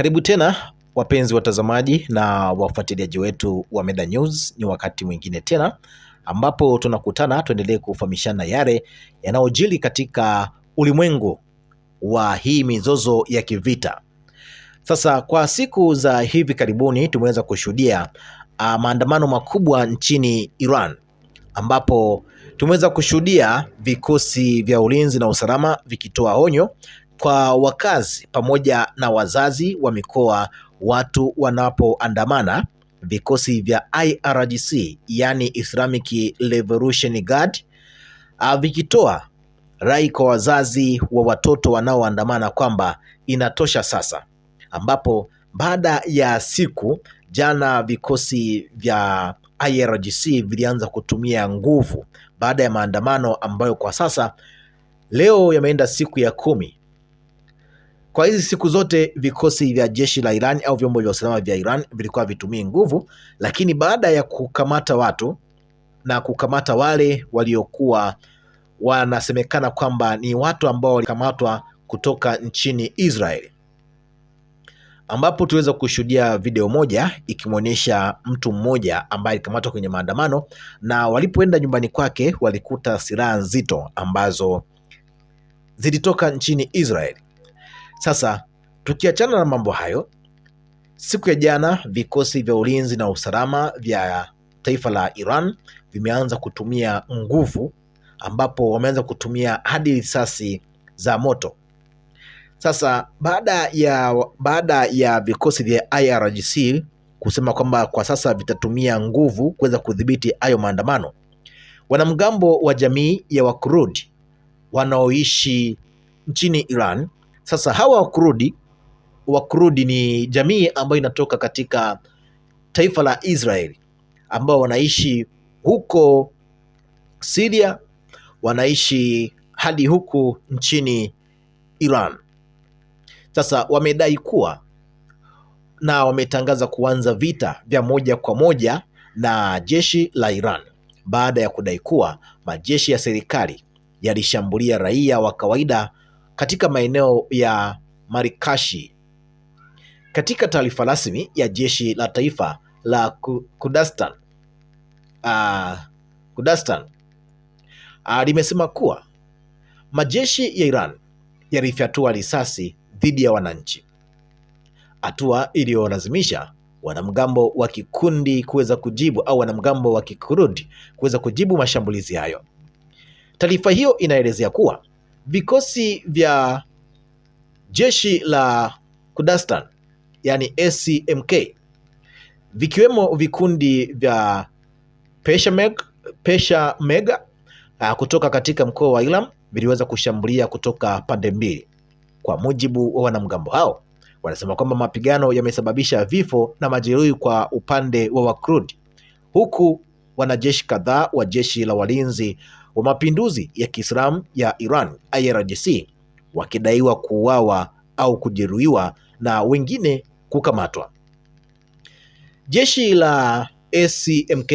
Karibu tena wapenzi watazamaji na wafuatiliaji wetu wa Meda News, ni wakati mwingine tena ambapo tunakutana, tuendelee kufahamishana yale yanayojiri katika ulimwengu wa hii mizozo ya kivita. Sasa kwa siku za hivi karibuni tumeweza kushuhudia uh, maandamano makubwa nchini Iran ambapo tumeweza kushuhudia vikosi vya ulinzi na usalama vikitoa onyo kwa wakazi pamoja na wazazi wa mikoa watu wanapoandamana, vikosi vya IRGC yani Islamic Revolution Guard ah, vikitoa rai kwa wazazi wa watoto wanaoandamana kwamba inatosha sasa, ambapo baada ya siku jana vikosi vya IRGC vilianza kutumia nguvu baada ya maandamano ambayo kwa sasa leo yameenda siku ya kumi kwa hizi siku zote vikosi vya jeshi la Iran au vyombo vya usalama vya Iran vilikuwa vitumii nguvu, lakini baada ya kukamata watu na kukamata wale waliokuwa wanasemekana kwamba ni watu ambao walikamatwa kutoka nchini israel ambapo tuweza kushuhudia video moja ikimwonyesha mtu mmoja ambaye alikamatwa kwenye maandamano, na walipoenda nyumbani kwake walikuta silaha nzito ambazo zilitoka nchini israel sasa tukiachana na mambo hayo, siku ya jana vikosi vya ulinzi na usalama vya taifa la Iran vimeanza kutumia nguvu, ambapo wameanza kutumia hadi risasi za moto. Sasa baada ya, baada ya vikosi vya IRGC kusema kwamba kwa sasa vitatumia nguvu kuweza kudhibiti hayo maandamano, wanamgambo wa jamii ya Wakurdi wanaoishi nchini Iran sasa hawa Wakurudi, Wakurudi ni jamii ambayo inatoka katika taifa la Israeli ambao wanaishi huko Syria, wanaishi hadi huku nchini Iran. Sasa wamedai kuwa na wametangaza kuanza vita vya moja kwa moja na jeshi la Iran baada ya kudai kuwa majeshi ya serikali yalishambulia raia wa kawaida katika maeneo ya Marikashi. Katika taarifa rasmi ya jeshi la taifa la Kurdistan uh, Kurdistan uh, limesema kuwa majeshi ya Iran yalifyatua risasi dhidi ya wananchi, hatua iliyolazimisha wanamgambo wa kikundi kuweza kujibu au wanamgambo wa kikurdi kuweza kujibu mashambulizi hayo. Taarifa hiyo inaelezea kuwa Vikosi vya jeshi la Kurdistan yani ACMK vikiwemo vikundi vya Peshmerga, uh, ah, kutoka katika mkoa wa Ilam viliweza kushambulia kutoka pande mbili. Kwa mujibu wa wanamgambo hao, wanasema kwamba mapigano yamesababisha vifo na majeruhi kwa upande wa Wakurdi, huku wanajeshi kadhaa wa jeshi la walinzi wa mapinduzi ya Kiislamu ya Iran IRGC wakidaiwa kuuawa au kujeruhiwa na wengine kukamatwa. Jeshi la ACMK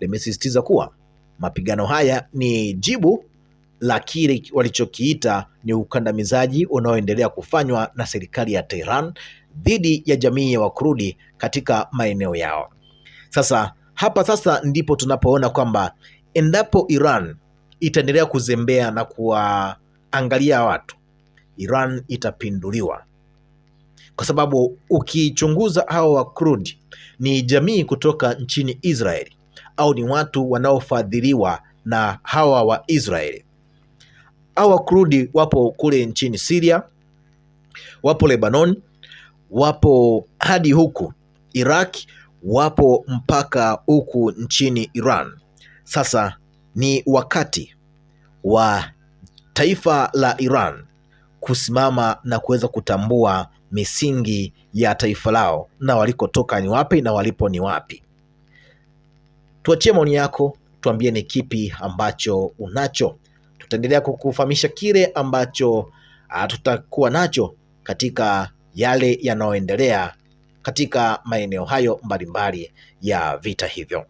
limesisitiza kuwa mapigano haya ni jibu la kile walichokiita ni ukandamizaji unaoendelea kufanywa na serikali ya Tehran dhidi ya jamii ya wakurudi katika maeneo yao. Sasa hapa sasa ndipo tunapoona kwamba endapo Iran itaendelea kuzembea na kuwaangalia watu, Iran itapinduliwa, kwa sababu ukichunguza hao Wakurdi ni jamii kutoka nchini Israeli au ni watu wanaofadhiliwa na hawa wa Israeli. Hawa Wakurdi wapo kule nchini Syria, wapo Lebanon, wapo hadi huku Iraq wapo mpaka huku nchini Iran. Sasa ni wakati wa taifa la Iran kusimama na kuweza kutambua misingi ya taifa lao na walikotoka ni wapi na walipo ni wapi. Tuachie maoni yako, tuambie ni kipi ambacho unacho. Tutaendelea kukufahamisha kile ambacho ah, tutakuwa nacho katika yale yanayoendelea katika maeneo hayo mbalimbali ya vita hivyo.